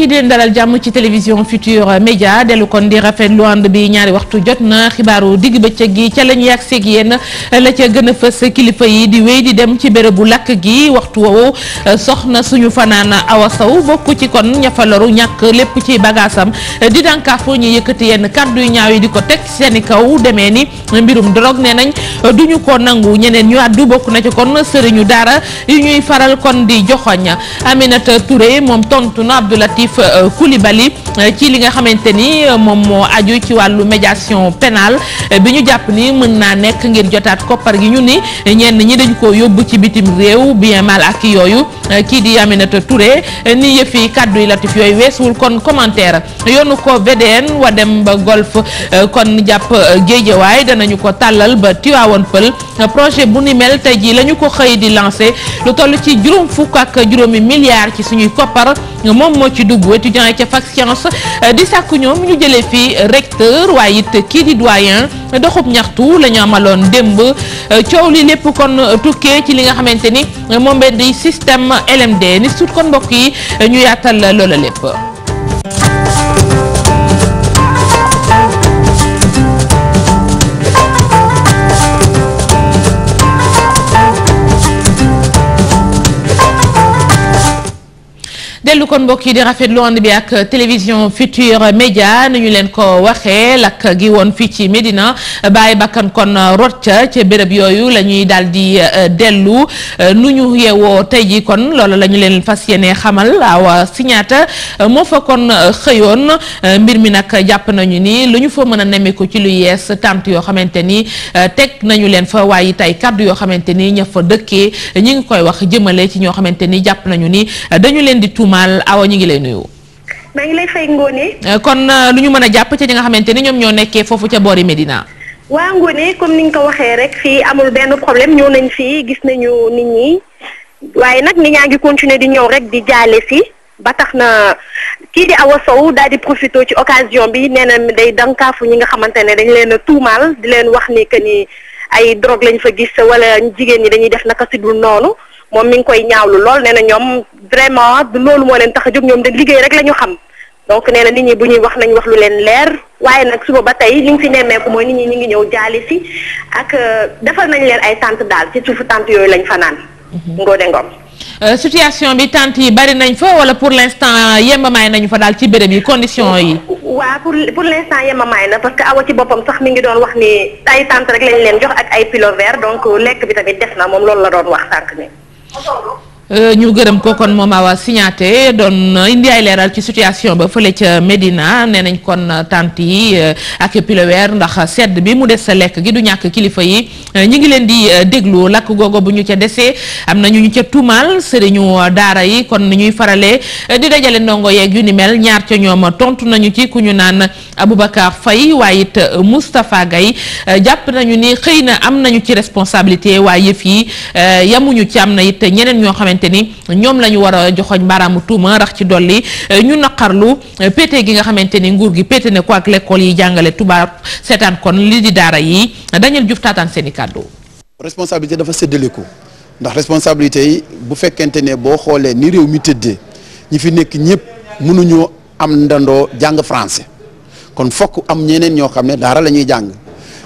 yi di leen dalal jàmm ci télévision Futur Média dellu kon di rafetlu ànd jot na xibaaru digg bëccëg gi ca la ñu la ca gën a fës kilifa yi di wéy di dem ci bérébu làkk gi waxtu woowu soxna suñu fanaan Awa Sow bokk ci kon ñafaloru ñàkk lépp ci bagaasam di dànkaafu ñu yëkkati yenn kàddu yu ñaaw yi di ko teg seeni i kaw demee ni mbirum drogue nee nañ duñu ko nangu ñeneen ñu àddu bokk na ca kon sëriñu daara yu ñuy faral kon di joxoñ Aminata Touré moom tontu na Abdoulatif Salif euh, Koulibaly euh, ci li nga xamante ni euh, moom moo aju ci wàllu médiation pénale bi ñu jàpp ni mën naa nekk ngir jotaat koppar gi ñu ni ñenn ñi dañ ko yóbbu ci bitim réew bien mal ak yooyu kii di Aminata Touré ni yëfi kàddu yi latif yooyu weesuwul kon commentaire yoonu ko VDN wa dem ba golf kon jàpp géejewaay danañu ko tàllal ba Tiwaawoon Pël projet bu ni mel tey jii la ñu ko xëy di lancé lu toll ci juróom fukk ak juróomi milliards ci suñuy koppar moom moo ci dugg bu étudiant yi ca fac science euh, di sàkk ñoom ñu jëlee fi recteur waaye it kii di doyen doxub ñaxtu la ñu amaloon démb euh, coow li lépp kon tukkee ci li nga xamante ni moom benn di système LMD ni suut kon mbokk yi ñu yaatal loola lépp dellu kon mbokk yi di rafetlu ànd bi ak télévision Futurs Médias ni ñu leen ko waxee lakk gi woon fii ci Médina bàyyi bakkan kon rot béréb yooyu la ñuy daal di euh, dellu euh, nu ñu yeewoo tey ji kon loolu la ñu leen fas yéene xamal waaw Siñaata euh, moo fa kon xëyoon mbir mi nag jàpp nañu ni lu ñu fa mën a nemmeeku ci lu yees tant yoo xamante ni teg nañu leen fa waaye tey kàddu yoo xamante ni ña fa dëkkee ñi ngi koy wax jëmale ci ñoo xamante ni jàpp nañu ni dañu leen di tuuma Mal awa ñu ngi lay nuyu. maa ngi lay fay Ngone. Eh, kon eh, lu ñu mën a jàpp ci ñi nga xamante ni ñoom ñoo nekkee foofu ca boori Medina. waa Ngone comme ni nga ko waxee rek fii amul benn problème ñëw nañ fii gis nañu nit ñi waaye nag nit ñaa ngi continuer di ñëw rek di jaale si ba tax na kii di Awa Sow daal di profité ci occasion bi nee na day dankaafu ñi nga xamante ne dañ leen a tuumaal di leen wax ni que ni ay drogue lañ fa gis wala jigéen ñi dañuy def naka si dul noonu. moom mi ngi koy ñaawlu lool nee na ñoom vraiment du loolu moo leen tax a jóg ñoom de liggéey rek la ñu xam donc nee na nit ñi bu ñuy wax nañ wax lu leen leer waaye nag suba ba tey li ñu fi nemmeeku mooy nit ñi ñu ngi ñëw jaali si ak euh, defal nañ leen ay tànt daal ci suufu tànt yooyu lañ fanaan. Mhm. Ngoné Ngom. Euh, situation bi tant yi bari nañ fa wala pour l'instant yembamaay nañu fa daal ci béréb yi condition yi. waa pour pour l'instant yembamaay na parce que a ci boppam sax mi ngi doon wax ni ay tànt lañ leen jox ak ay pilo donc lekk bi tamit des na moom loolu la doon wax sànq ni fa toll Euh, ñu gërëm ko kon moom Awa siñaate doon euh, indi ay leeral ci situation ba fële ca Medina nee nañ kon euh, tant yi ak piloweer ndax sedd bi mu des sa lekk gi du ñàkk kilifa yi ñu ngi leen di déglu lakk googo bu ñu ca desee am nañu ñu ñu ca tuumal sëriñu daara yi kon ni ñuy faralee di dajale ndongo yeeg yu ni mel ñaar ca ñoom tontu nañu ci ku ñu naan Aboubacar fay waaye it Moustapha Gaye jàpp nañu ni xëy na am nañu ci responsabilité waaye yëf yi yamuñu ci am na it ñeneen ñoo xamante te ni ñoom la ñu war a joxoñ baaraamu tuuma rax ci dolli euh, ñu naqarlu euh, pété gi nga xamante ni nguur gi pété ne ko ak lekkool yi jàngale tubaab seetaan kon li di daara yii dañu jub taataan seen i kàddu. responsabilité dafa séddaleku ndax responsabilité yi bu fekkente ne boo xoolee ni réew mi tëddee ñi fi nekk ñëpp mënuñoo am ndandoo jàng français kon fokk am ñeneen ñoo xam ne daara la ñuy jàng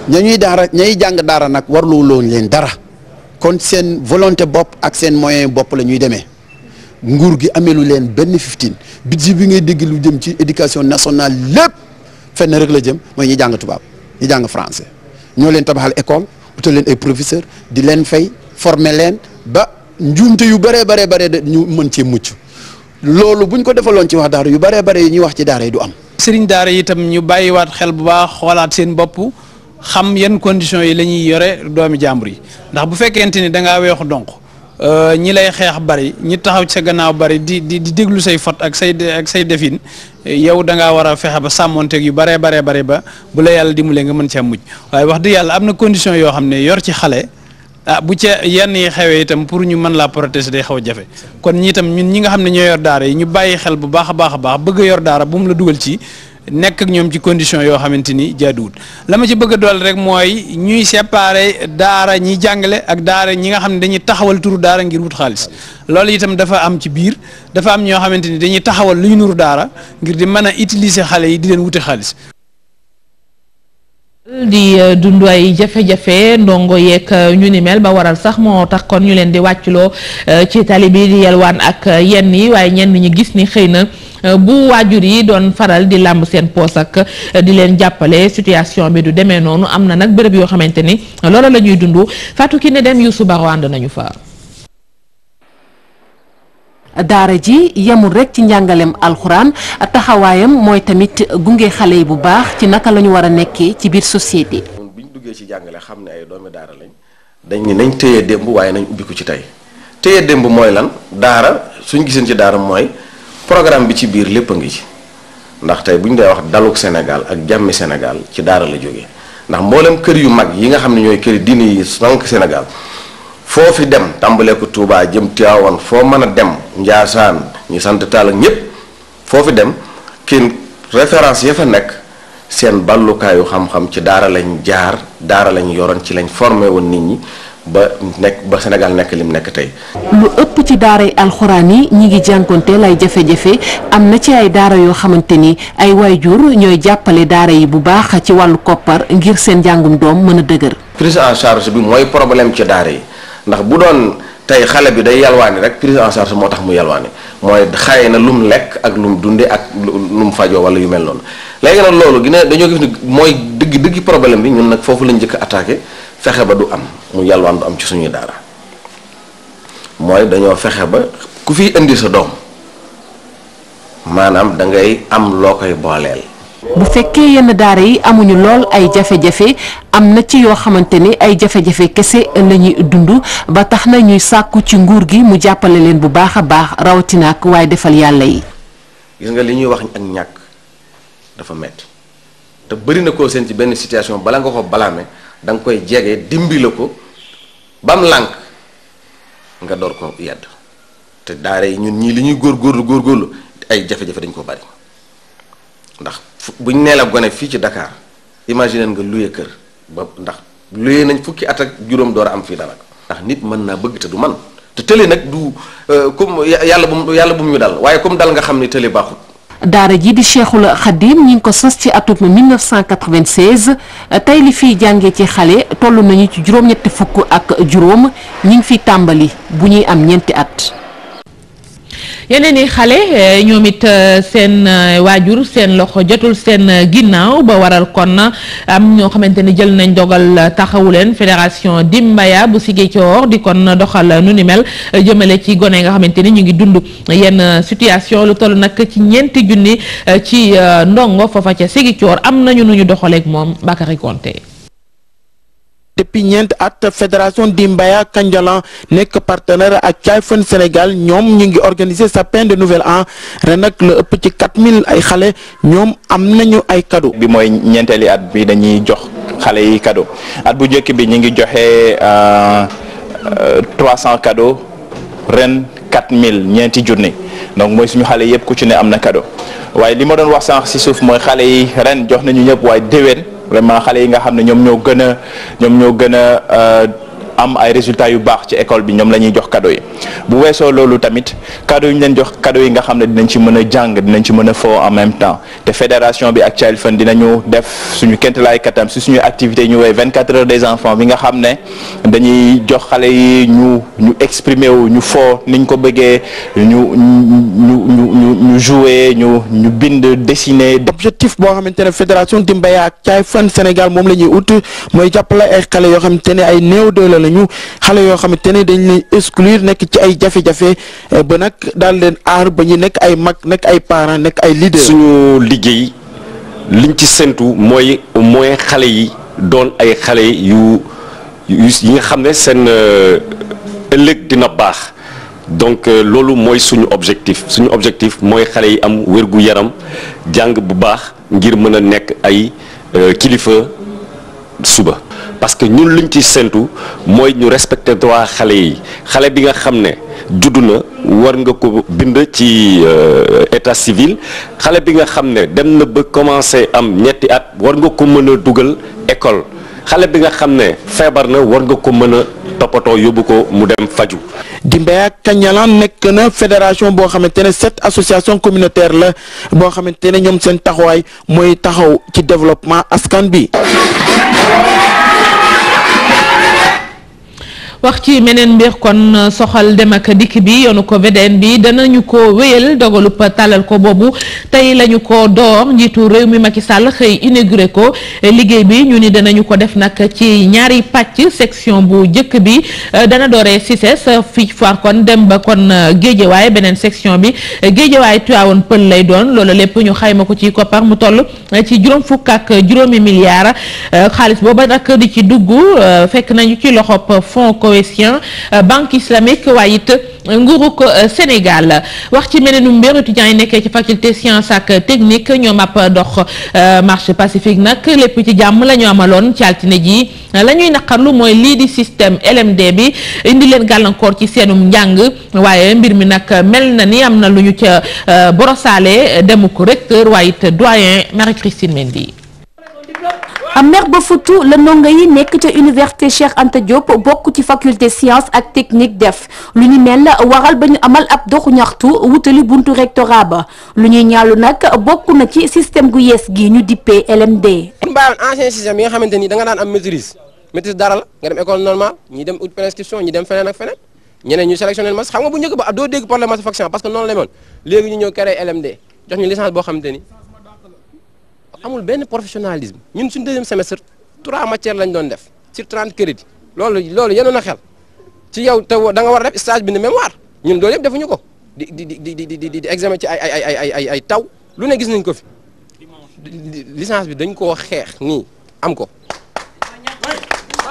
ña ñuy daara ñay jàng daara nag warloo leen dara. kon seen volonté bopp ak seen moyen bopp la ñuy demee nguur gi amelu leen benn fifteen budget bi ngay dégg lu jëm ci éducation nationale lépp fenn rek la jëm mooy ñi jàng tubaab ñi jàng français ñoo leen tabaxal école utal leen ay professeur di leen fay forme leen ba njuumte yu bëree baree bare de ñu mën cee mucc loolu buñ ko defaloon ci wax daara yu baree bare yi ñuy wax ci daara yi du am sëriñ daara itam ñu bàyyi waat xel bu baax xoolaat seen bopp xam yan conditions yi la ñuy yore doomi jàmbur yi ndax bu fekkente ni da weexu donc euh, ñi lay xeex bari ñi taxaw ci sa gannaaw bari di di di déglu say fot ak say ak say defin yow da ngaa war a fexe ba sàmmonteeg yu bare baree bari ba bu la yàlla dimu nga mën cee mujj waaye wax di yàlla am na condition yoo xam ne yor ci xale ah bu ca yenn yi xewee itam pour ñu mën laa protéger day xaw a jafe kon ñi itam ñun ñi nga xam ne ñoo yor daara yi ñu bàyyi xel bu baax a baax a baax bëgg yor daara bu la dugal ci. nekk ak ñoom ci condition yoo xamante ni jaaduwut lama ci bëgg dool rek mooy ñuy séparer daara ñi jàngale ak daara ñi nga xam ne dañuy taxawal turu daara ngir wut xaalis loolu itam dafa am ci biir dafa am ñoo xamante ni dañuy taxawal lu ñu nuru daara ngir di mën a utilise xale yi di leen wuti xaalis. di euh, dund ay jafe-jafe ndongo yeeg euh, ñu ni mel ba waral sax moo tax kon ñu leen di wàcculoo euh, ci tali bi di yelwaan ak yenn yi waaye ñenn ñi gis ni xëy na. Euh, bu waajur yi doon faral di làmb seen poos ak euh, di leen jàppale situation bi du demee noonu am na nag béréb yoo xamante ni loola la ñuy dund Fatou Kiné Deme Youssou Baro ànd nañu fa. daara ji yemul rek ci njàngaleem alxuraan a taxawaayam mooy tamit gunge xale yi bu baax ci naka lañu ñu war a nekkee ci biir société. bi ñu duggee ci jàngale xam ne ay doomi daara lañ dañ ni nañ téye démb waaye nañ ubbi ko ci tey téye démb mooy lan daara suñ giseen ci daara mooy programme bi ci biir lépp a ngi ci ndax tey bu ñu dee wax daluk Sénégal ak jàmmi Sénégal ci daara la jóge ndax mbooleem kër yu mag yi nga xam ne ñooy kër diine yi sànq Sénégal foo fi dem tàmbalee ko Touba jëm Tivaouane foo mën a dem Njaasaan ñu sant taal ak ñépp foo fi dem kenn référence ya fa nekk seen ballukaayu xam-xam ci daara lañ jaar daara lañ yoroon ci lañ formé woon nit ñi ba nekk ba Sénégal nekk lim nekk tey. lu ëpp ci daara yi alxuraan yi ñi ngi jànkonteel ay jafe-jafe am na ci ay daara yoo xamante ni ay waajur ñooy jàppale daara yi bu baax ci wàllu koppar ngir seen njàngum doom mën a dëgër. prise en bi mooy problème ci daara yi ndax bu doon tey xale bi day yalwaani rek prise en charge moo tax mu yalwaani mooy xaye na lum lekk ak lum dunde ak lum fajoo wala yu mel noonu léegi nag loolu gis dañoo gis ne mooy dëgg dëgg problème bi ñun nag foofu lañ njëkk attaqué. fexe ba du am mu yalwaan du am ci suñuy daara mooy dañoo fexe ba ku fiy indi sa doom maanaam dangay am loo koy booleel. bu fekkee yenn daara yi amuñu lool ay jafe-jafe am na ci yoo xamante ni ay jafe-jafe kese la dund ba tax na ñuy sàkku ci nguur gi mu jàppale leen bu baax a baax rawatina ak waaye defal yàlla yi. gis nga li ñuy wax ak ñàkk dafa metti te bëri na koo seen ci benn situation bala nga ko balaame. danga koy jege dimbi ko bam mu lànk nga door ko yedd te daara yi ñun ñii li ñuy góor góor góorlu ay jafe-jafe dañ ko bari ndax buñ nee la gone fii ci Dakar imaginer nga luye kër ba ndax luye nañ fukki at ak juróom door a am fii daanaka ndax nit mën naa bëgg te du man te tële nag du euh, comme yàlla bu yàlla bu mu ñu dal waaye comme dal nga xam ni tële baaxut daara ji di Cheikhul Khadim ñi ngi ko sos ci atum 1996 tey li fiy jàngee ci xale toll nañu ci juróom-ñetti fukk ak juróom ñi ngi fiy tàmbali bu ñuy am ñeenti at. yeneen i xale eh, ñoom it eh, seen eh, waajur seen loxo jotul seen ginnaaw ba waral kon am ñoo xamante ni jël nañ dogal taxawu leen fédération Dimbaya bu Ziguinchor di kon doxal nu ni mel jëmale ci gone nga xamante ni ñu ngi dund yenn situation lu toll nag ci ñeenti junni ci ndongo foofa ca Ziguinchor am nañu nu ñu doxaleek moom Bakary Konté depuis ñeent at fédération di Dimbaya Kandialang nekk partenaire ak Caafoon Sénégal ñoom ñu ngi organiser sapin de nouvel an ren nag la ëpp ci ay xale ñoom am nañu ay kado bi mooy ñeenteeli at bi dañuy jox xale yi cadeau at bu njëkk bi ñu ngi joxe 300 euh, cadeaux ren 4000 ñeenti journée donc mooy suñu xale yëpp ku ci ne am na cadeau waaye li ma doon wax sànq si souf mooy xale yi ren jox nañu ñëpp waaye déwén. vraiment xale yi nga xam ne ñoom ñoo gën a ñoom ñoo gën a euh, am ay résultats yu baax ci école bi ñoom la jox cadeau yi bu weesoo loolu tamit cadeau yi nga xam ne dinañ ci mën a jàng dinañ ci mën a foo en même temps te fédération bi ak Child Fund def suñu kéemtalaay kattan si suñu activité ñu woowee 24 heures des enfants bi nga xam ne dañuy jox xale yi ñu ñu exprimer wu ñu foo niñ ko bëggee ñu ñu ñu ñu jouer ñu ñu bind dessiner. objectif boo xamante ne fédération Dimbaye ak Child Fund Sénégal moom la ñuy mooy jàppale ay xale yoo xamante ne ay néew doole nañu xale yoo xamante ne dañ lay exclure nekk ci ay jafe-jafe eh, ba nag daal leen aar ba ñu nekk ay mag nekk ay parents nekk ay leader. suñu liggéey liñ ci séntu mooy mooy xale yi doon ay xale yu yi nga xam ne seen euh, ëllëg dina baax donc euh, loolu mooy suñu objectif suñu objectif mooy xale yi am wér yaram jàng bu baax ngir mën a nekk ay euh, kilifa. suba parce que ñun liñ ci séntu mooy ñu respecté droit xale yi xale bi nga xam ne judd na war nga ko bind ci euh, état civil xale bi nga xam ne dem na ba commencé am ñetti at war nga ko mën a dugal école xale bi nga xam ne feebar na war nga ko mën a toppatoo yóbbu ko mu dem faju Dimbey ak Kañalaan nekk na fédération boo xamante ne sept association communautaire la boo xamante ne ñoom seen taxawaay mooy taxaw ci développement askan bi Thank you. wax ci meneen mbir kon euh, soxal dem ak dikk bi yoonu ko VDN bi danañu ko wéyal dogalub tàllal ko boobu tey lañu ko door njiitu réew mi Macky Sall xëy inauguré ko liggéey bi ñu ni danañu ko def nag ci ñaari pàcc section bu jëkk bi euh, dana dooree Cissés euh, fii foar kon dem ba kon waaye beneen section bi géejewaay Tivaouane Peulh lay doon loolu lépp ñu xayma ko ci koppar mu toll ci juróom fukk ak juróomi milliards xaalis booba nag di ci dugg fekk nañu maoétien euh, banque islamique waaye it euh, nguurug euh, Sénégal wax ci menenu mbir étudiants yi nekkee ci faculté science ak technique ñoom ab dox marche pacifique nag lépp ci jàmm lañu ñu amaloon ci altine ji la ñuy naqarlu mooy lii di système LMD bi indi leen gàllankoor ci seenum njàng waaye mbir mi nag mel na ni am na lu ñu ca borosaale demuk recteur waaye doyen Marie-Christine Mendy am mer ba futu la ndongo yi nekk ca université Cheikh Anta Diop bokk ci faculté science ak technique def lu ñu mel waral ba ñu amal ab doxu ñaxtu wutali buntu rectorat ba lu ñuy ñaalu nag bokk na ci système gu yees gi ñu dippee LMD. mbaal ancien système yi nga xamante ni da nga daan am maîtrise maîtrise dara la nga dem école normale ñi dem out prescription ñi dem feneen ak feneen ñeneen ñu sélectionné mas xam nga bu njëkk ba doo dégg problème massification que noonu la ñu mën léegi ñu amul benn professionnalisme ñun suñ deuxième semestre trois matières lañ doon def sur trente crédits loolu loolu yenoon a xel ci yow te da nga war a def bi ne mémoire ñun loolu defuñu ko di di di di di di examen ci ay ay ay ay ay taw lu ne gis nañ ko fi licence bi dañ koo xeex nii am ko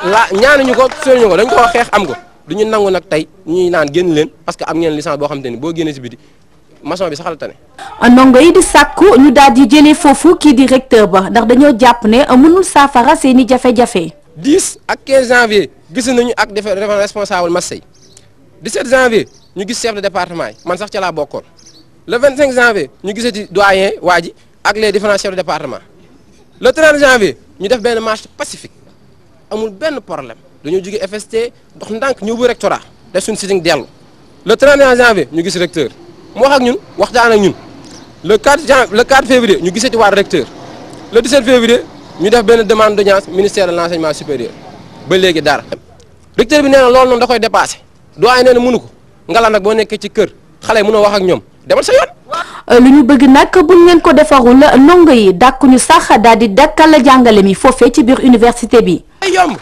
la ñaanuñu ko sooñu ko dañ koo xeex am ko du ñu nangu nag tey ñuy naan génn leen parce que am ngeen licence boo xam te ni boo génnee si biti maçon bi sax la tane. ndongo yi di sàkku ñu daal di jëlee foofu kii di recteur ba ndax dañoo jàpp ne mënul saafara seen i jafe-jafe. 10 ak 15 janvier gis nañu ak defe responsable Massey 17 janvier ñu gis chef de département yi man sax ca laa bokkoon le 25 janvier ñu gis doyen waa ji ak les différents chefs de département le 30 janvier ñu def benn marche pacifique amul benn problème dañoo jóge FST dox ndànk ñëw bu rectorat def suñu sitting dellu le 31 ñu gis recteur. mu wax ak ñun waxtaan ak ñun le 4 jan le 4 février ñu gisati waat recteur le 17 février ñu def benn demande d'audience ministère de l'enseignement supérieur ba léegi dara. recteur bi nee na loolu noonu da koy dépassé doyen nee na mënu ko ngala nag boo nekkee ci kër xale yi mënoo wax ak ñoom demal sa yoon. Euh, lu ñu bëgg nag buñ leen ko defarul ndongo yi dàkku ñu sax daal di dakkal jàngale mi foofee ci biir université bi. ay yomb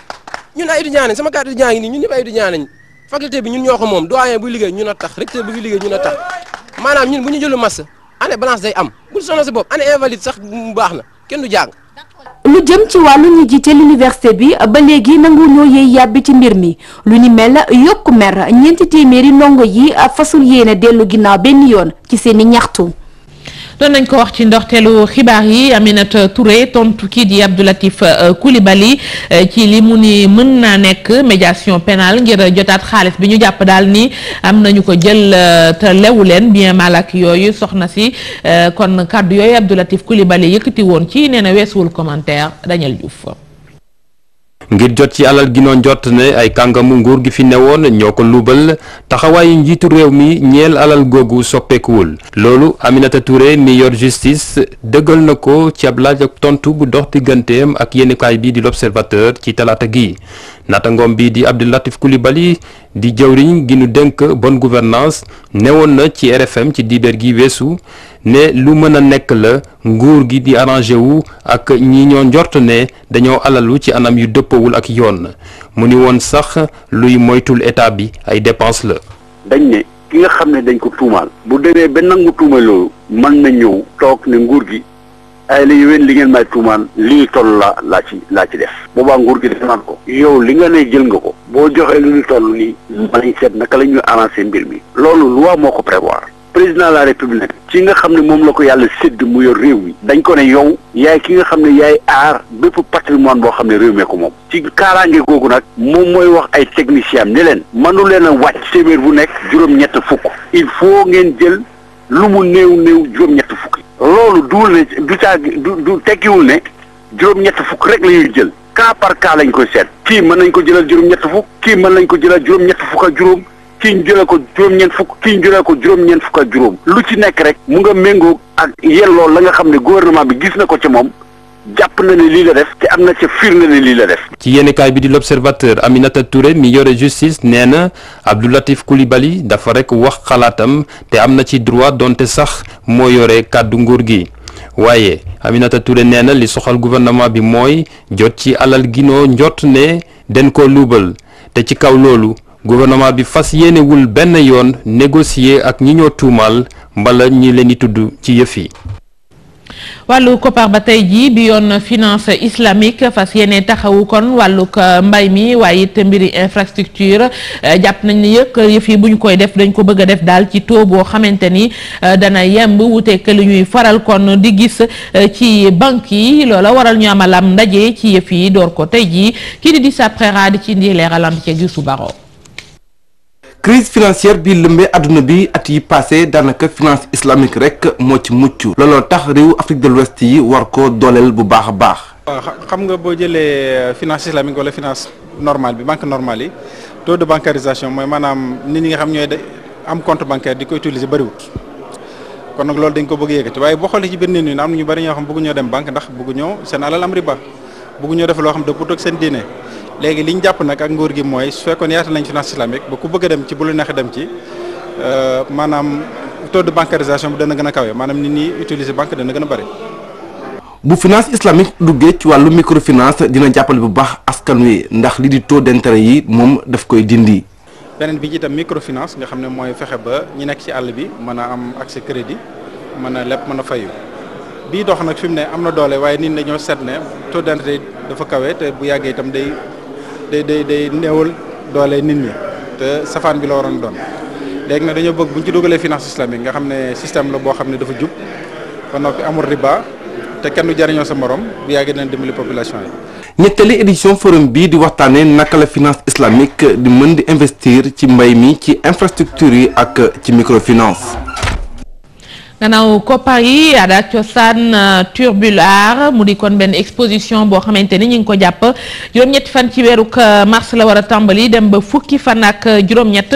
ñun ay étudiants lañ sama kàddu étudiants yi nii ñun ñëpp ay étudiants lañ faculté bi ñun ñoo ko moom doyen buy liggéey ñun a tax recteur bi fi liggéey ñun a tax maanaam ñun bu ñu jëlu masse année balance day am bul sonal sa bopp année invalide sax mu baax na kenn du jàng. lu jëm ci wàllu ñu jiite l'université bi ba léegi nangu ñoo yey yàbbi ci mbir mi lu ni mel yokku mer ñeenti téeméeri ndongo yi fasul yéene dellu ginnaaw benn yoon ci seeni ñaxtu. doon nañ ko wax ci ndoxteelu xibaar yi Aminata Touré tontu kii di Abdoulatif Coulibaly euh, euh, ci li mu ni mën naa nekk médiation pénale ngir jotaat xaalis bi ñu jàpp daal ni am nañu ko jël euh, te lewu leen bien mal yooyu soxna si kon kàddu yooyu Abdoulatif Coulibaly yëkkati woon ci nee na weesuwul commentaire Daniel Diouf ngir jot ci alal gi noon jot ne ay kàngamu nguur gi fi newoon ñoo ko luubal taxawaayu njiitu réew mi ñeel alal googu soppeekuwul loolu Aminata ture mi yor justice dëggal na ko ci ab laaj ak tontu bu dox digganteem ak yéenekaay bi di l'Observateur ci talaata gii natangoom bi di Abdou Latif Coulibaly di jëwriñ gi ñu dénk bonne gouvernance woon na ci RFM ci dibeer gi weesu ne lu mën a nekk la nguur gi di arrangé wu ak ñi ñoo njort ne dañoo alalu ci anam yu dëppawul ak yoon mu ni woon sax luy moytul état bi ay dépense la dañ ne ki nga xam ne dañ ko tuumaal bu demee ba nangu tuuma loolu mën na ñëw toog ne nguur gi ay la yowén li ngeen may tuumaan lii toll la laa ci laa ci def boobaa nguur gi def ko yow li nga ne jël nga ko boo joxee lu ñu toll nii manañ seet naka la ñu arrangé mbir mi loolu loi moo ko prévoir président de la république ci nga xam ne moom la ko yàlla sédd mu yor réew mi dañ ko ne yow yaay ki nga xam ne yaay aar bépp patrimoine boo xam ne réew mee ko moom ci kaaraange googu nag moom mooy wax ay technicien am ne leen mënu leen a wàcc téeméer bu nekk juróom fukk il ngeen jël lu mu néew fukk loolu duul ne du caa du du tekkiwul ne juróom-ñett fukk rek la jël cas par cas lañ koy seet kii mën nañ ko jëlal juróom-ñett fukk kii mën nañ ko jëlal juróom-ñett fukk ak juróom kii ko juróom-ñeent fukk kii jëlee ko juróom-ñeent fukk ak juróom lu ci nekk rek mu nga méngoo ak yelloo la nga xam ne gouvernement bi gis na ko ci moom jàpp na ne lii la def te am na ca firnde ne lii la def. ci yéenekaay bi di l'observateur Aminata Touré mi yore justice nee na Abdou Latif Coulibaly dafa rek wax xalaatam te am na ci droit donte sax moo yore kàddu nguur gi. waaye Aminata Touré nee na li soxal gouvernement bi mooy jot ci alal ginoo njot ne den ko luubal te ci kaw loolu gouvernement bi fas yéenewul benn yoon négocier ak ñi ñoo tuumaal mbala ñi leen di tudd ci yëf yi. wàllu koppar ba tey jii bi yoon finance islamique fas yéene taxawu kon wàllug euh, mbay mi waaye it mbiri infrastructure euh, jàpp nañ ni yëkk yëf yi bu ñu koy def dañ ko bëgg a def daal ci taux boo xamante ni euh, dana yemb wuuteeg li ñuy faral kon di gis ci banque yi loola waral ñu amalam ndaje ci yëf yi door ko tey jii kii di di sa préra di ci indi leeralam ci Youssou Baro crise financière bi lëmbee àdduna bi at yi passé daanaka finance islamique rek moo ci mucc looloo tax réew Afrique de l'Ouest yi war ko dooleel bu baax a baax. Euh, xam nga boo jëlee euh, finance islamique wala finance normale bi banque normale yi taux de bancarisation mooy maanaam nit ñi nga xam ñooy de am compte bancaire di ko utiliser bëriwut kon nag loolu dañ ko bëgg yëkkati waaye boo xoolee ci biir nit ñi am na ñu bëri ñoo xam bëgguñoo dem banque ndax bëgguñoo def loo xam dëpput ak seen diine. léegi li ñu jàpp nag ak nguur gi mooy su fekkoon yaatal nañ finance islamique ba ku bëgg a dem ci bu lu neexee dem ci euh, maanaam taux de bancarisation bi dana gën a kawee maanaam nit ñi utiliser banque dana gën a bëri. bu finance islamique duggee ci wàllu microfinance dina jàppale bu baax askan wi ndax li di taux d'intérêt yi moom daf koy dindi. beneen bi ci itam microfinance nga xam ne mooy fexe ba ñi nekk ci àll bi mën a am accès crédit mën a lepp mën a fayu bii dox nag fi mu ne am na doole waaye nit ñi dañoo seet ne taux d'intérêt dafa kawe te bu yàggee itam day. day day day newal doole nit mi te safaan bi la waroon doon léegi nag dañoo bëgg bu ñu ci dugalee finance islamique nga xam ne système la boo xam ne dafa jub ba noppi amul riba te kenn du jariñoo sa morom bu yàggee dina dimbali population yi. ñetteeli édition forum bii di waxtaanee naka la finance islamique di mën di investir ci mbay mi ci infrastructure yi ak ci microfinance. gannaaw koppar yi aada cosaan euh, turbular mu di kon benn exposition boo xamante ni ñu ngi ko jàpp juróom-ñetti fan ci weeruk euh, mars la war a tàmbali dem ba fukki fan ak euh, juróom-ñett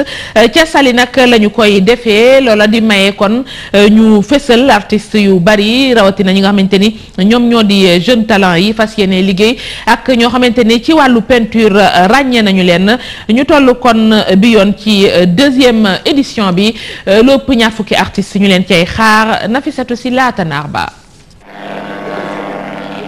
ca sali nag la ñu koy defee loola di maye kon ñu fësal artiste yu bari rawatina ñi nga xamante ni ñoom ñoo di jeune talent yi fas yéene liggéey ak ñoo xamante ni ci wàllu peinture ràññee nañu leen ñu toll kon bi yoon ci deuxième édition bi lépp ñaar fukki artiste ñu leen cay Xibaar Nafissatou Sylla Tanor Ba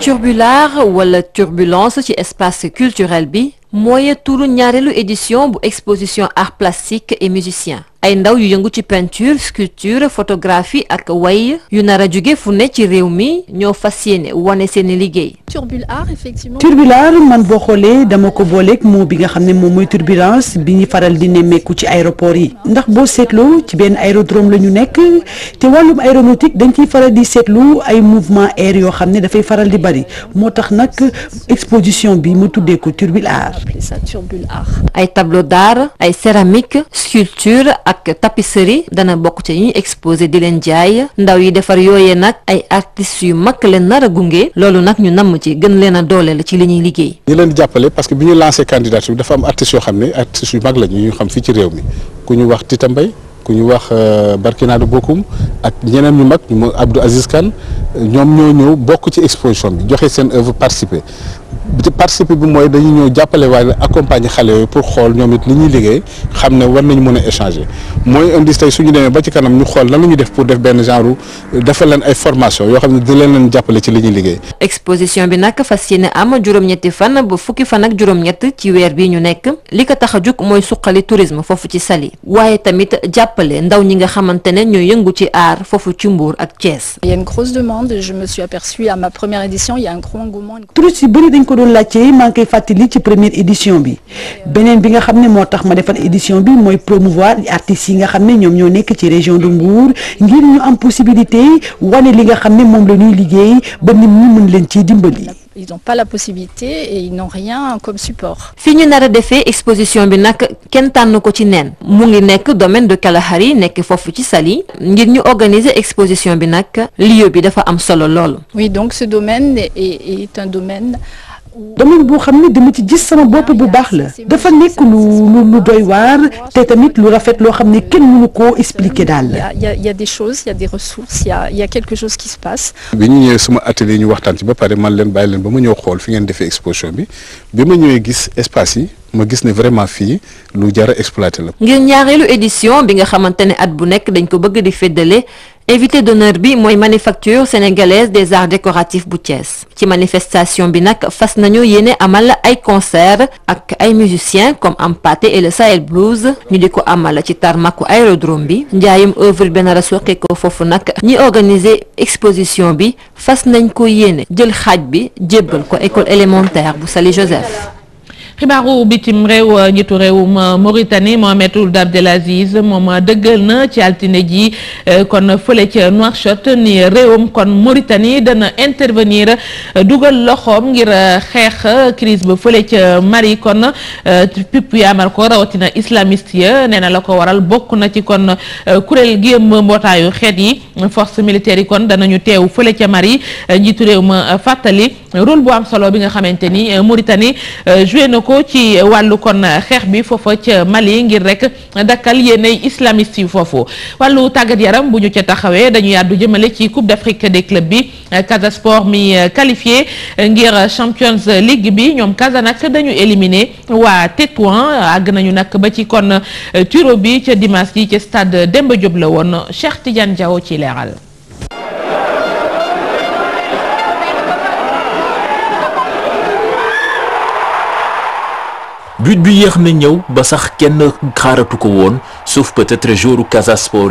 Turbular wala turbulence ci espace culturel bi mooy turu ñaareelu édition bu exposition art plastique et musicien ay ndaw yu yëngu ci peinture sculpture photographie ak way yu nar a jóge fu ne ci réew mi ñoo fas yéene wane seeni liggéey. Turbulart effectivement. Turbulart man boo xoolee dama ko booleek moo bi nga xam ne moom mooy turbulence bi ñu faral di nemmeeku ci aéroport yi ndax boo seetloo ci benn aérodrome la ñu nekk te wàllum aéronautique dañ ciy faral di seetlu ay mouvement air yoo xam ne dafay faral di bari moo tax nag exposition bi mu tuddee ko Turbulart. ay tableau d'art ay céramique sculpture. ak tapisserie dana bokk ci ñu exposé di leen jaay ndaw yi defar yooyee nag ay artistes yu mag leen nar a gunge loolu nag ñu namm ci gën leen a dooleel ci li ñuy liggéey. ñu leen jàppale parce que bi ñu lancé candidature bi dafa am artistes yoo xam ne artistes yu mag la ñu xam fii ci réew mi ku ñu wax Tita ku ñu wax euh, Barkinaado Bokum ak ñeneen ñu mag ñu Abdou Aziz Kane ñoom ñoo ñëw bokk ci exposition bi joxe seen œuvre participer ci participer bi mooy dañu ñëw jàppale waaye accompagner xale yooyu pour xool ñoom it li ñuy liggéey xam ne war nañu mën a échanger mooy indi tey suñu demee ba ci kanam ñu xool lan la ñuy def pour def benn genre defal yoo xam ne di leen leen jàppale ci li ñuy liggéey. exposition bi nag fas yéene am juróom-ñetti fan ba fukki fan ak juróom-ñett ci weer bi ñu nekk li ko tax a jug mooy suqali tourisme foofu ci Saly waaye tamit jàppale ndaw ñi nga xamante ne ñooy yëngu ci aar foofu ci mbuur ak Thiès. il y a une grosse demande je me suis aperçue à ma première édition il y a un grand engouement dul laajte yi maa ngi koy fàttali ci première édition bi beneen bi nga xam ne moo tax ma defal édition bi mooy promouvoir artistes yi nga xam ne ñoom ñoo nekk ci région de Mbour ngir ñu am possibilité wane li nga xam ne moom la liggéey ba nit ñi mën leen ciy dimbali. ils n'ont pas la possibilité et ils n'ont rien comme support. fi ñu nar a defee exposition bi nag kenn tànn ko ci neen mu ngi nekk domaine de Kalahari nekk foofu ci Saly ngir ñu organiser exposition bi nag lieu bi dafa am solo lool. oui domaine boo xam ne dama ci gis sama bopp bu baax la dafa nekk lu lu lu doy waar te tamit lu rafet loo xam ne kenn mënu koo expliquer euh, daal. y a y a des choses a des ressources y a bi ñu ñëwee sama atelier ñu waxtaan ci ba pare man leen bàyyi leen ba ma ñëw xool fi ngeen defee exposition bi bi ma ñëwee gis espace yi. ma gis ne vraiment fii lu jara exploité la. ngir ñaareelu édition bi nga xamante ne at bu nekk dañ ko bëgg di féddale invité d'honneur bi mooy manufacture sénégalaise des arts décoratifs bu Thiès ci manifestation bi nag fas nañu yéene amal ay concert ak ay musiciens comme Ampaté et le Sahel Blues ñu di ko amal ci tarmaku aérodrome bi njaayum œuvre bi nar ko foofu nag ñi organiser exposition bi fas nañ ko yéene jël xaaj bi jébbal ko école élémentaire bu Sali Joseph xibaaru bitim réew euh, njiitu réewum euh, Mauritanie Mohamed Ould Abdelaziz moom euh, dëggal na ci altine ji kon fële ca Nouakchott ni réewam kon Mauritanie dana intervenir dugal loxoom ngir xeex crise ba fële ca Mali kon pipp yaamal ko rawatina islamist ya nee na la ko waral bokk na ci kon kuréel gi ëmb mbootaayu xeet yi force militaire yi kon danañu teew fële ca Mali njiitu réew ma fàttali rôle bu am solo bi nga xamante ni Mauritanie joué na ko ci wàllu kon xeex bi foofa ca Mali ngir rek dakkal yéenay islamiste yi foofu wàllu tàggat yaram bu ñu ca taxawee dañuy àddu jëmale ci Coupe d'Afrique des clubs bi Casa Sport mi qualifié ngir Champions League bi ñoom Casa nag dañu éliminer waa Tétouan àgg nañu nag ba ci kon turo bi ca dimanche ji ca stade Demba Diop la woon Cheikh tijan Diaw ci leeral but bi yéex na ñëw ba sax kenn xaaratu ko woon sauf peut-être joueur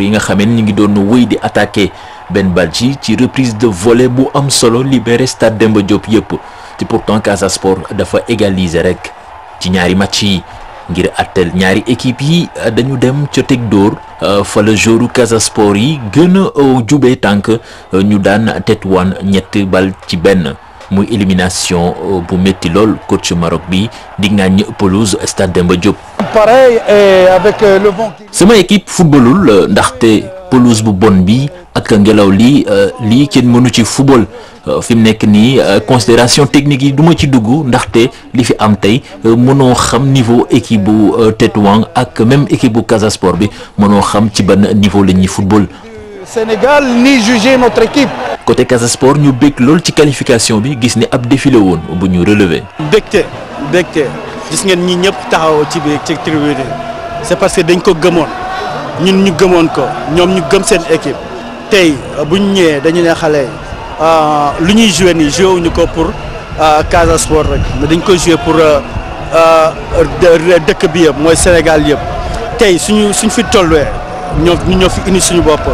yi nga xamee ñu ngi doon wéy di attaqué Ben Badji ci reprise de volée bu am solo libéré Stade Demba Diop yëpp te pourtant Casa Sport dafa égaliser rek ci ñaari match yi ngir attel ñaari équipe yi dañu dem ca teg dóor fa la joueur Casa yi gën a jubee tànk ñu daan Tetuan ñett bal ci benn. muy élimination euh, bu métti lool coach Maroc bi di naa ñu pelouse stade Demba Diop. pareil et avec euh, le vent. sama équipe footballul euh, ndaxte polose bu bon bi ak ngelaw li lii kenn mënu ci football fi mu nekk nii considération technique yi du ma ci dugg ndaxte li fi am tey mënoo xam niveau équipe bu Tétouan ak même équipe bu Casa Sport bi mënoo xam ci ban niveau la ñuy football. Sénégal ni juger notre équipe. côté Casa Sport ñu bég loolu ci qualification bi gis ni ab défilé woon bu ñu relever. bégte bégte gis ngeen ñi ñëpp taxaw ci biir ci tribune c'est parce que dañ ko gëmoon ñun ñu gëmoon ko ñoom ñu gëm seen équipe tey bu ñu ñëwee dañu ne xale ah, lu ñuy joué nii joué ko pour ah, Casa Sport rek dañ ko joué pour ah, dëkk bi yëpp mooy Sénégal yëpp tey suñu suñ fi tolluwee ñoo ñoo fi indi suñu bopp.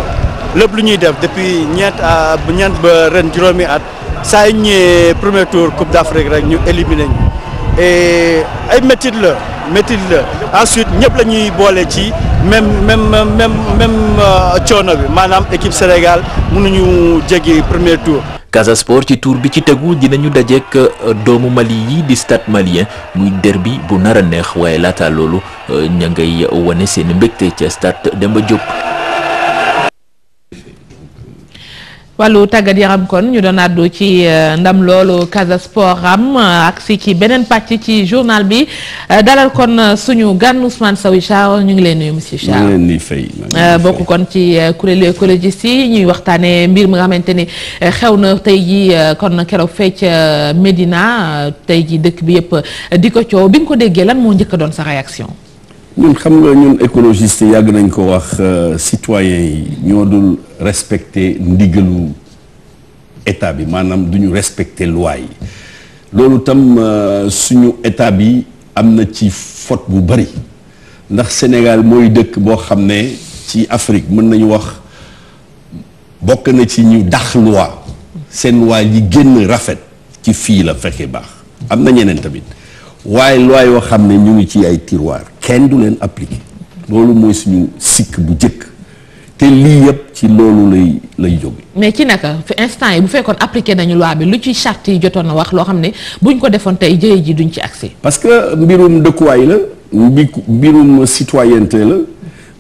lépp lu ñuy def depuis ñeent à ñeent ba ren juróomi at saa yu ñëwee premier tour coupe d' rek ñu éliminé ñu et ay métit la métit la ensuite ñëpp la ñuy boole ci même même même même euh, coono bi maanaam équipe Sénégal mënuñu jéggi premier tour. Casa Sport ci tour bi ci tegu dinañu dajeek euh, doomu Mali yi di stade malien muy derbi bu nar a neex waaye laata loolu euh, ña ngay wane seen mbégte ca stade Demba Diop. wàllu tàggat yaram kon ñu doon àddu ci euh, ndam loolu Casa Sport am euh, ak si ci beneen pàcc ci journal bi euh, dalal kon suñu gan Ousmane Sawy Charles ñu ngi leen nuyu monsieur Charles. bokk kon ci kuréelu écologiste si ñuy waxtaanee mbir mi nga xamante ni xew na tey jii kon keroog fecc Medina tey jii dëkk bi yëpp di ko coow bi nga ko déggee lan moo njëkk doon sa réaction. ñun xam nga ñun écologiste yàgg nañ ko wax euh, citoyens yi ñoo dul respecter ndigalu état bi maanaam duñu ñu respecter loi yi loolu tam euh, suñu état bi am na ci fot bu bari ndax Sénégal mooy dëkk boo xam ne ci Afrique mën nañu wax bokk na ci ñu dax loi seen loi yi génn rafet ci fii la fekkee baax am na ñeneen tamit waaye loi yoo xam ne ñu ngi ci ay tiroir kenn du leen appliqué loolu mooy suñu sikk bu jëkk te lii yëpp ci loolu lay lay jóge mais ci naka fi instant yi bu fekkoon appliqué nañu loi bi lu ci charte yi jotoon na wax loo xam ne bu buñ ko defoon tey jëye ji duñ ci accès parce que mbirum dëkkuwaay la mbi mbirum citoyenneté la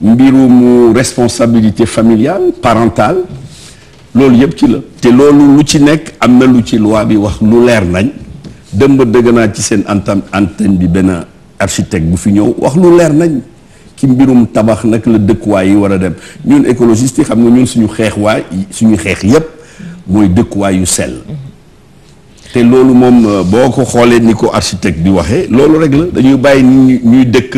mbirum responsabilité familial parental loolu yëpp ci la te loolu lu ci nekk am na lu ci loi bi wax lu leer nañ dem ba dëgg naa ci seen antam antenne bi benn architecte bu fi ñëw wax lu leer nañ ki mbirum tabax nag la dëkkuwaay yi war a dem ñun écologistes yi xam nga ñun suñu xeex waay suñu xeex yépp mooy dëkkuwaay yu sel te loolu moom euh, boo ko xoolee ni ko architecte bi waxee loolu rek la dañuy bàyyi ñuy dëkk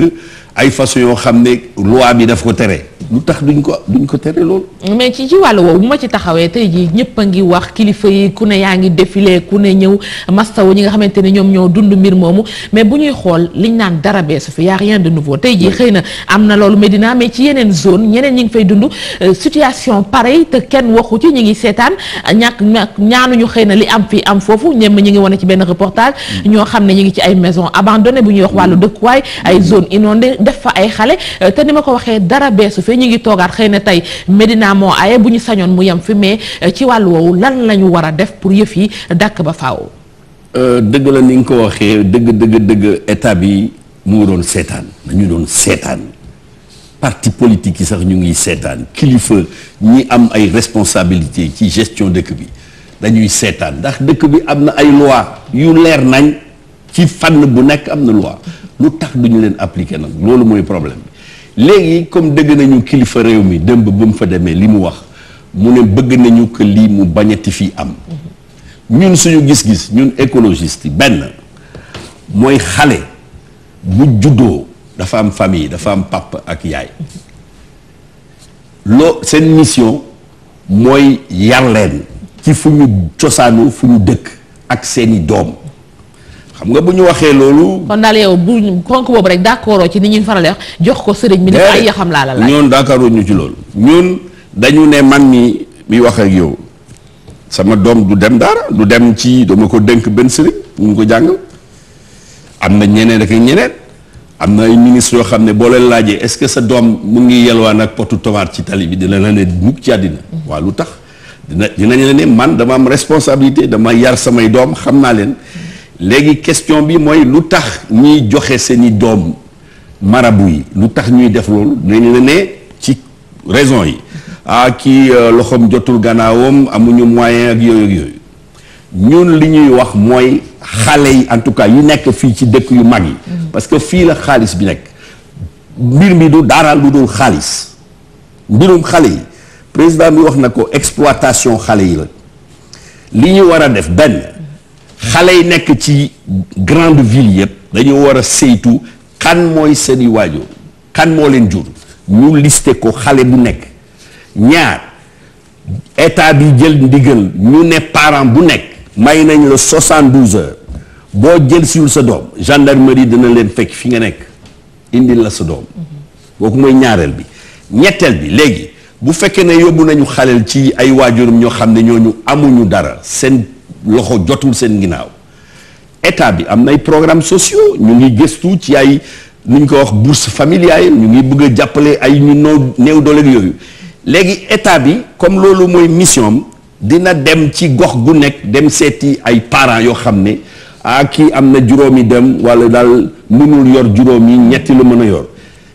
ay façon yoo xam ne loi bi daf ko tere lu tax duñ ko duñ ko tere loolu. mais ci ci wàll woowu bu ma ci taxawee tey jii ñëpp a ngi wax kilifa yi ku ne yaa ngi défilé ku ne ñëw mastaw ñi nga xamante ne ñoom ñoo dund mbir moomu mais bu ñuy xool liñ naan dara beesu fi a rien de tey jii xëy na am na loolu Medina mais ci yeneen zone ñeneen ñi ngi fay dund euh, situation pareil te kenn waxu ci ñu ngi seetaan ñàkk ñu xëy na li am fii am foofu ñem ñu ngi wane ci benn reportage mm. ñoo xam ne ñu ngi ci ay maison abandonné bu ñuy wax wàllu dëkkuwaay ay mm. zone inondée def fa ay xale euh, te ni ma ko waxee dara beesu fi ñu ngi toogaat xëy na tey Medina moo aye bu ñu sañoon mu yem fi mais euh, ci wàllu woowu lan lañu ñu war a def pour yëf yi dàkk ba faaw. Euh, dëgg la ni nga ko waxee dëgg dëgg dëgg état bi mu ngi seetaan dañu doon seetaan parti politique yi sax ñu ngi seetaan kilifa ñi am ay responsabilité ci gestion dëkk bi dañuy seetaan ndax dëkk bi am na ay loi yu leer nañ ci fànn bu nekk am na loi lu tax du ñu leen appliquer nag loolu mooy problème léegi comme dëgg nañu kilifa réew mi démb ba mu fa demee li mu wax mu ne bëgg nañu que lii mu bañati fii am ñun suñu gis-gis ñun écologistes yi benn mooy xale bu juddoo dafa am famille dafa am papa ak yaay loo seen mission mooy yar ci fu ñu cosaanu fu ñu dëkk ak seeni doom xam nga bu ñu waxee loolu. kon daal yow bu ponk boobu rek d'accord ci ni ñuy faral jox ko sëriñ bi. ne ay yaxam laa la laaj ñoon d'accord ñu ci loolu. ñun dañu ne man mi mi wax ak yow sama doom du dem daara du dem ci dama ko dënk benn sëriñ ñu ko jàngal am na ñeneen ak ñeneen am na ay ministres yoo xam ne boo leen laajee est-ce que sa doom mu ngi yelwaan ak potu tomate ci tali bi dina la ne mukk ci àddina. waaw lu tax dina dinañ la man dama am responsabilité dama yar samay doom xam naa leen. léegi question bi mooy lu tax ñuy joxe seeni doom marabu yi lu tax ñuy def loolu dañ la ne ci raison yi ah ki euh, loxoom jotul gannaawam amuñu moyen ak yooyu ak yooyu ñun li ñuy wax mooy xale yi en tout cas yu nekk fii ci dëkk yu mag yi. Mm-hmm. parce que fii la xaalis bi nekk. mbir mi du dara lu dul xaalis mbirum xale yi président bi wax na ko exploitation xale yi la li ñu war a def benn. xale yi nekk ci grande ville yëpp dañu war a saytu kan mooy seeni waajur kan moo leen jur ñu listé ko xale bu nekk ñaar état bi jël ndigal ñu ne parent bu nekk may nañ la 72 heures boo jël siwul sa doom gendarmerie dina leen fekk fi nga nekk indi la sa doom booku mhm. mooy ñaareel bi ñetteel bi léegi bu fekkee ne yóbbu nañu xaleel ci ay waajurum ñoo xam ne ñooñu amuñu dara seen loxo jotul seen ginnaaw état bi am nay programme sociaux ñu ngi gëstu ci ay nu ñu ko wax bourse familiale ñu ngi bëgg a jàppale ay ñu noo néew doole yooyu léegi état bi comme loolu mooy mission dina dem ci gox gu nekk dem seeti ay parents yoo xam ne ah kii am na juróomi dem wala daal mënul yor juróom yi ñetti la mën a yor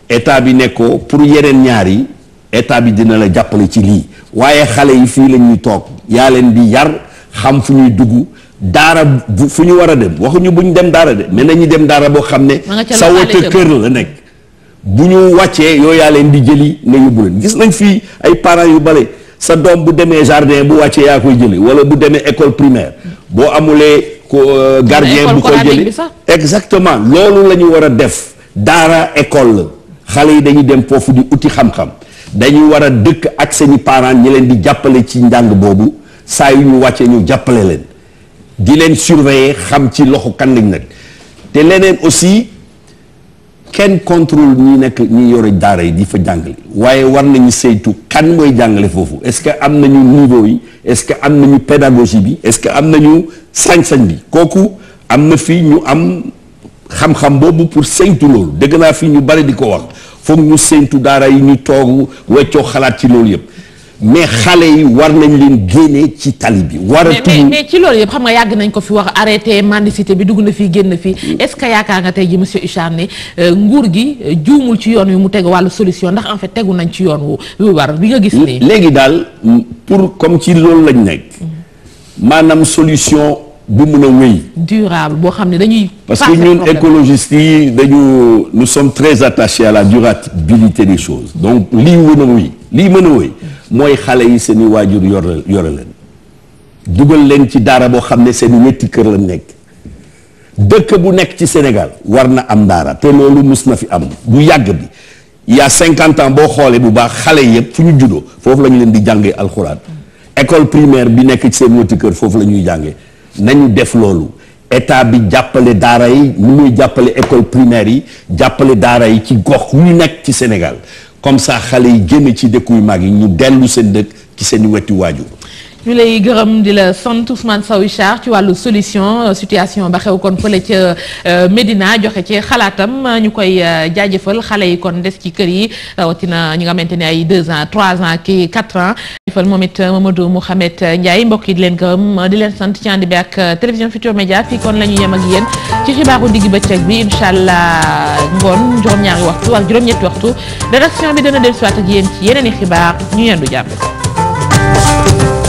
état bi nekkoo pour yeneen ñaari yi état bi dina la jàppale ci lii waaye xale yi fii la toog yaa leen di yar xam fu ñuy dugg daara fu ñu war a dem waxuñu bu ñu dem daara de mais nañu dem daara boo xam ne sa wote kër la nekk bu ñu wàccee yoo yaa leen di jëli ne yóbbu leen gis nañ fii ay parents yu bare sa doom bu demee jardin bu wàccee yaa koy jëli wala bu demee école primaire boo amulee ko euh, gardien bu koy jëli exactement loolu la ñu war a def daara école la xale yi dañuy dem foofu di uti xam-xam dañuy war a dëkk ak seeni parent ñi leen di jàppale ci njàng boobu saa yu ñu wàccee ñu jàppale leen di leen surveiller xam ci loxo kan lañ nag te leneen aussi kenn contrôle ñi nekk ñi yore daara yi di fa jàngale waaye war nañu saytu kan mooy jàngale foofu est-ce que am nañu niveau yi est-ce que am nañu pédagogie bi est-ce que am nañu sañ-sañ bi kooku am na fii ñu am xam-xam boobu pour saytu loolu dëgg naa fi ñu bari di ko wax foog ñu saytu daara yi ñu toogu weccoo xalaat ci loolu yëpp mais xale yi war nañ leen génne ci tali bi. waratuñu mais ci lool yëpp xam nga yàgg nañ ko fi wax arrêté mendicité bi dugg na fii génn fii mm. est-ce que yaakaar nga tey ji monsieur Huchard euh, nguur gi euh, juumul ci yoon wi mu teg wàllu solution ndax en fait tegu nañ ci yoon wu war bi nga gis nii. Mm, léegi daal mm, pour comme ci loolu lañ nekk maanaam solution bu mun a wéy. durable boo xam ne dañuy. parce que ñun écologistes dañu nous sommes très attachés à la durabilité des choses mën a wéy mooy xale yi seen i waajur yor yore leen dugal leen ci daara boo xam ne seen i ñetti kër lañu nekk dëkk bu nekk ci Sénégal war na am daara te loolu mus na fi am bu yàgg bi il cinquante ans boo xoolee bu baax xale yëpp fu ñu juddoo foofu la ñu leen di jàngee alxuraan école primaire bi nekk ci seen ñetti kër foofu la ñuy jàngee nañu def loolu état bi jàppale daara yi nu muy jàppale école primaire yi jàppale daara yi ci gox yu nekk ci Sénégal comme ça xale yi génn ci dëkku yu mag yi ñu dellu seen dëkk ci seen i wetu waajur ñu lay gërëm di la sant Ousmane Sow Richard ci wàllu solution euh, situation ba xew kon fële ca euh, Médina joxe ci xalaatam ñu koy euh, jaajëfal xale yi kon des ci kër yi rawatina ñu nga xamante ni ay 2 ans 3 ans ki 4 ans jaajëfal moom it Mamadou Mouhamed Ndiaye mbokk yi di leen gërëm di leen sant ci ànd bi ak télévision Futurs Médias fii kon la ñu yem ak yéen ci xibaaru digg bëccëg bi incha allah ngoon juróom-ñaari waxtu ak juróom-ñetti waxtu rédaction bi dana dellusiwaat ak yéen ci yeneen i xibaar ñu yendu jàmm